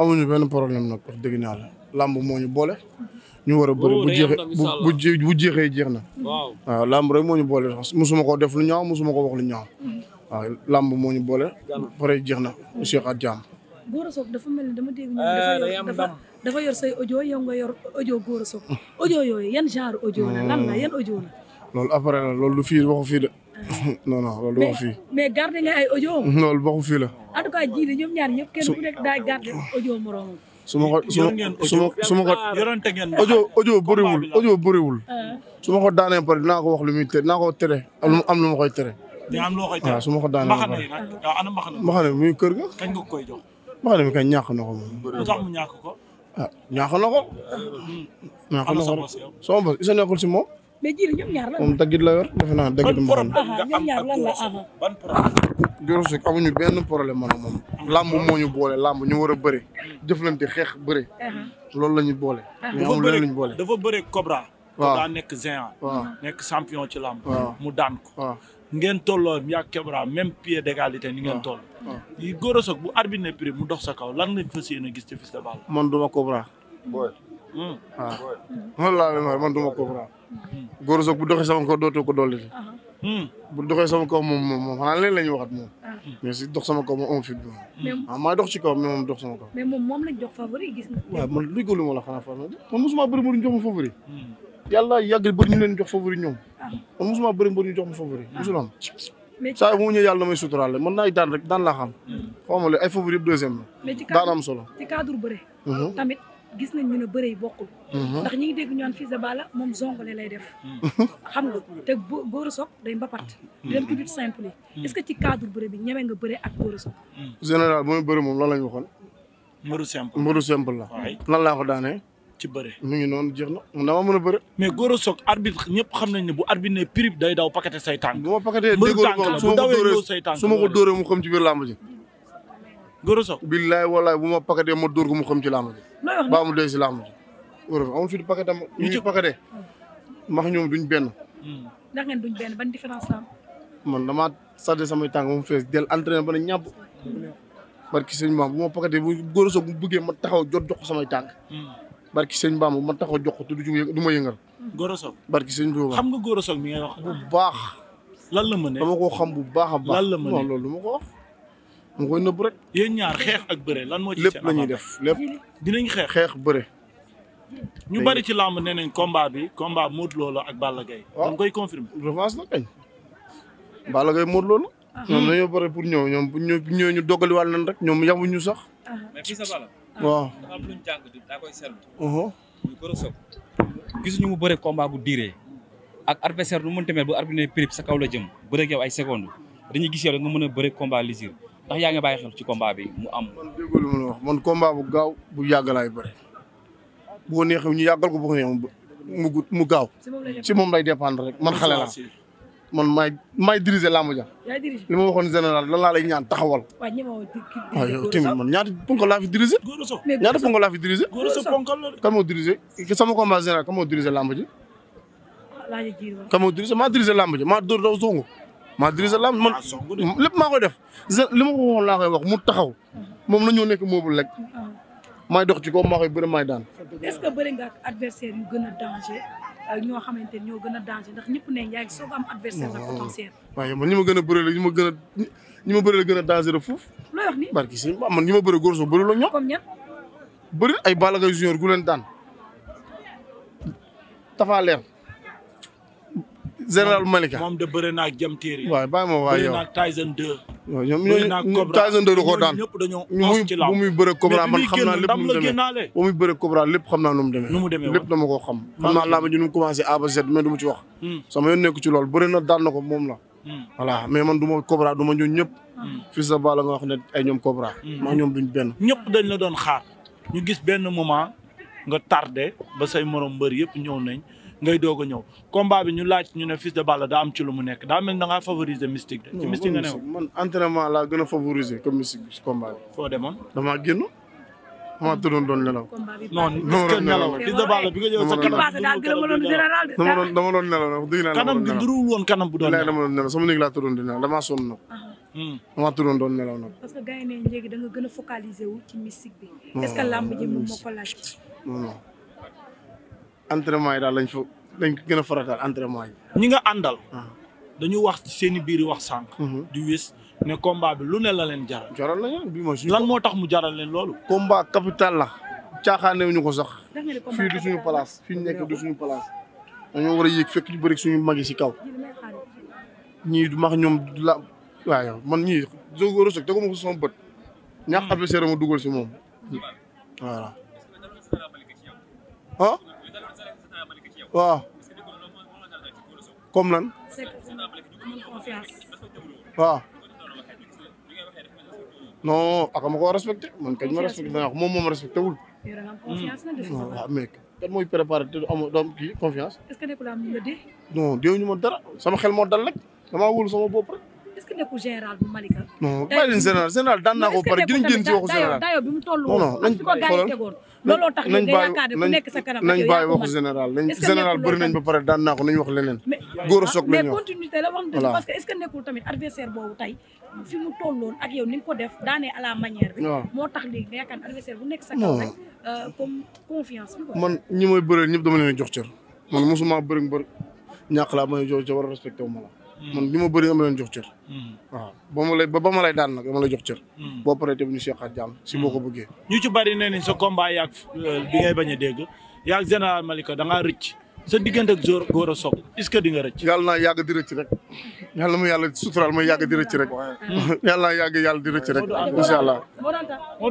amuñu benn problème nag wax dëgg naa la làmb moo ñu boole ñu war a bëri bu jeexee bu jeexee jeex na waaw làmb rek moo ñu boole mosuma ko def lu ñaaw mosuma ko wax lu ñaaw waaw làmb moo ñu boole pare jeex na Cheikh at Jaam eh, dafa yor say audio yow yor audio Gora Sock audio yooyu yan genre audio la lan hmm. yan audio loolu après la loolu lu fii waxu fii de non non loolu waxu fii. mais loolu waxu fii la. en tout cas ji li ñoom ñaar ñëpp ma ko su ma su ma ko yorante ngeen audio audio bëriwul ah. su ma ko daanee pare dinaa ko wax lu muy tere dinaa ko am lu ma koy tere. am loo koy tere waaw su ma ko daanee pare. mbaxane muy kër ga. koy jox. mbaxane mi kañ ñàkk na ko moom. lu tax mu ñàkk ko. Ah, hmm. si moom. mais ji moom daggit la yor defe naa daggit mu xam ñoom ñaar lan problème Gora Seck amuñu benn problème man moom làmb moo ñu boole làmb ñu war a bëri jëflante xeex bëri uh-huh. loolu la ñu boole ñu uh-huh. amul leneen lañu boole dafa bëri Cobra Cobra nekk géant waaw nekk champion ci làmb mu daan ko ngeen tolloo yaa Cobra même pied d'égalité ni ngeen toll yi Gora Seck bu arbitre prix mu dox sa kaw lan lañ fas yéene gis ci Fils de Balla man duma Cobra boy hmm. waaw hmm. loolu laa duma Cobra góor soog bu doxee sama kaw dootoo ko dolli. Hmm. bu doxee sama kaw moom moom moom xanaa leen la ñuy waxat moom. Ah. mais si dox sama kaw moom amu fi. waaw ah, maa dox ci kaw mais moom dox sama kaw. mais moom moom lañ jox favori gis nga. waaw man luy góorlu ma la ñu ma favori. yàlla yàgg bëri ñu leen jox favori ñoom. man mosuma bëri mbër ñu jox ma favori mosul hmm. ah. saa mu ñëw yàlla na may suturaale man naay daan rek daan laa xam. Hmm. xaw ma ay favori yëpp deuxième la. daan am solo ci gis nañ ñu ne bëre yi bokkul. Mhm. ndax ñi ngi dégg ñu naan Fils de Balla moom zongole lay def. Mhm. xam nga te góor a soog day mbapat. di mhm. dem ci lutte simple yi. ci cadre bëre bi ñeme nga bëre a soog. général ma bëre moom lan la ñu waxoon. mbëru simple mbëru simple laa ko daanee. ci bëre mu ngi noonu jeex na mun naa mën a bëre. mais góor a soog arbitre ñëpp xam nañ ne bu arbitre ne prip day daw pakete say tànk. bu ma paketee déggoo la su ma ko dóoree su ma ko dóoree mu xam ci biir làmb ji Gora Sock billaay walaay bu ma pakatee ma dóor gu mu xam ci làmb ji baa mu dee si làmb ji wóor amul fi di pakatam ñu duñ benn hmm. ndax man damaa sàdde samay tànk moom fees del entraîné ba ne ñàbb barki sëñ Bamba bu ma pakatee bu Gora Sock bu ma taxaw jot jox samay tànk hmm. barki sëñ Bamba ma taxaw jox ko te du ma yëngal Gora Sock barki sëñ xam nga Gora Sock mi ngay wax bu baax lan la mën dama koo xam bu baax a baax lan la mën loolu ma ko mu koy nëbb rek. yéen ñaar xeex ak bëre lan moo ci. lépp la ñuy def lépp. dinañ xeex xeex bëre. ñu bari ci làmb nee nañ combat bi combat Modou ak Balla Gaye. waaw dañ koy confirmer. revanche la ah. ñëw ñoom bu ñu ñëwee ñu dogaliwaat nañ rek ñoom yamuñu ah. ñu jàng daa koy seetlu. muy Gora Sock. gisuñu mu bëre combat bu diiree. ak adversaire lu mu mënti mel bu arbitre ne sa kaw la jëm bëre ak yow ay secondes dañuy gis rek nga mën a bëre combat ndax yaa ngi bàyyi xel ci combat bi mu am. man déggoo man combat bu gaaw bu yàgg laay bëre bu ko neexee ñu yàggal ko bu ko mu gaaw ci moom lay dépendre rek man xale man maay maay diriger làmb ja li ma waxoon général lan laa ñaan taxawal. waaw yow tamit man ñaata ponkal laa fi diriger. ñaata ponkal laa fi diriger. kan moo diriger sama combat général kan moo diriger làmb ji. Ah, kan moo diriger maa diriger làmb ji maa dóor daw songu. maa dirisa lam man ah, lépp maa koy def li ma ko koy wax mu taxaw moom la ñoo nekk moobul rek maay dox ci kaw maa koy bëri maay daan. est-ce que bëri nga ak gën a danger ñoo xamante ni gën a danger waaye man ñi ma gën a bëri la ñi ma gën a ñi ma bëri gën a danger foofu. looy wax nii si man ñi ma bëri góor soo bëri la ñoom. comme ñan bëri ay Balla Gaye junior gu leen daan Tafa Leer. général Malika moom de bëri naa jëm téere. waaw bàyyi ma waay yow bëri naa Tyson 2. waaw ñoom ñooñu Tyson 2 da koo daan ñëpp dañoo os ci laaw bu muy bëre Cobra man xam naa lépp nu mu demee bu muy bëre Cobra lépp xam naa nu mu demee. nu mu demee lépp dama koo xam. xam naa làmb ji nu mu commencé A ba Z mais du ma ci wax. Hmm. sama yoon nekku ci loolu bëri na daan na ko moom la. Hmm. voilà mais man du ma Cobra du ma ñëw ñëpp. Hmm. fii sa bala nga wax ne ay ñoom Cobra. maa ñoom duñ benn. ñëpp dañ la doon xaar. ñu gis benn moment nga tardé ba say morom mbër yëpp ñëw nañ ngay doog a ñëw combat bi ñu laaj ñu ne Fils de Balla daa ci lu mu nekk daa mel ni da ngaa favoriser mystique de. ci mystique nga ne man entraînement laa gën a favoriser que mystique bi si combat bi. foo demoon damaa génn. maa doon nelaw. non non non nelaw Fils de bi nga ñëw sa kanam. dama doon nelaw wax dëgg naa kanam kanam bu doon nelaw. dama doon nelaw laa tëddoon di nelaw damaa sonn nag. Hmm. damaa doon nelaw nag. parce que gars yi ne léegi a focaliser wu ci mystique bi. est que làmb ji moom moo laaj. non non entraînement yi daal lañ fa lañ gën a farataal entraînement yi. ñi nga àndal. Ah. dañu wax seeni biir wax sànq. Mhm. di wis ne combat lu ne la leen jaral. jaral la ñu bi ma lan moo tax mu jaral leen loolu. combat kapital la. caaxaanee ñu ko sax. fii du suñu place fi ñu nekk du suñu place. dañoo war a yéeg fekk ñu bëri suñu mag yi si kaw. ñii du max ñoom la waaw man ñii Zogo Rosog teguma ko sama bët. ñaax hmm. adversaire ma dugal si moom. voilà. waaw comme lan. waaw. non ak ma ko respecté man kañ ma respecté naa ko moom moom respecté wul. waaw mais mooy préparé te am doom kii confiance. est-ce dee. ñu ma dara sama xel moo dal rek damaa wóolu sama bopp rek. est-ce que nekkul général bu Malika. non bàyyi leen général daan naa ko ba pare gën a gën ci waxu général. non non nañ xoolal looloo tax ñu nga yaakaar ne ku nekk sa nañ bàyyi waxu général nañ général bëri nañ ba pare daan naa ko nañ wax leneen góor a soog la ñu wax mais continuité la wax dëgg parce que est-ce que nekkul tamit adversaire boobu tey fi mu tolloon ak yow ni ko def daanee à la manière bi moo tax léegi nga yaakaar bu nekk sa kanam rek euh, comme confiance man ñi may bëreel ñëpp dama leen jox cër man mosuma bëri mbër ñàkk laa may jox ca war a respecté ma la Mm. man ma bëri a leen jox cër. Mm. waaw ba ma lay ba ma lay daan nag dama lay jox cër. Mm. boo paree tamit ñu seqaat jàmm si boo ko ñu ci bëri ni sa combat yaag euh, bi ngay bañ a dégg yaag général Malika da rëcc sa diggante ak a Gora Sock est-ce que di nga rëcc. yàlla naa yàgg di rëcc rek yàlla ma yàgg naa yàgg di rëcc rek incha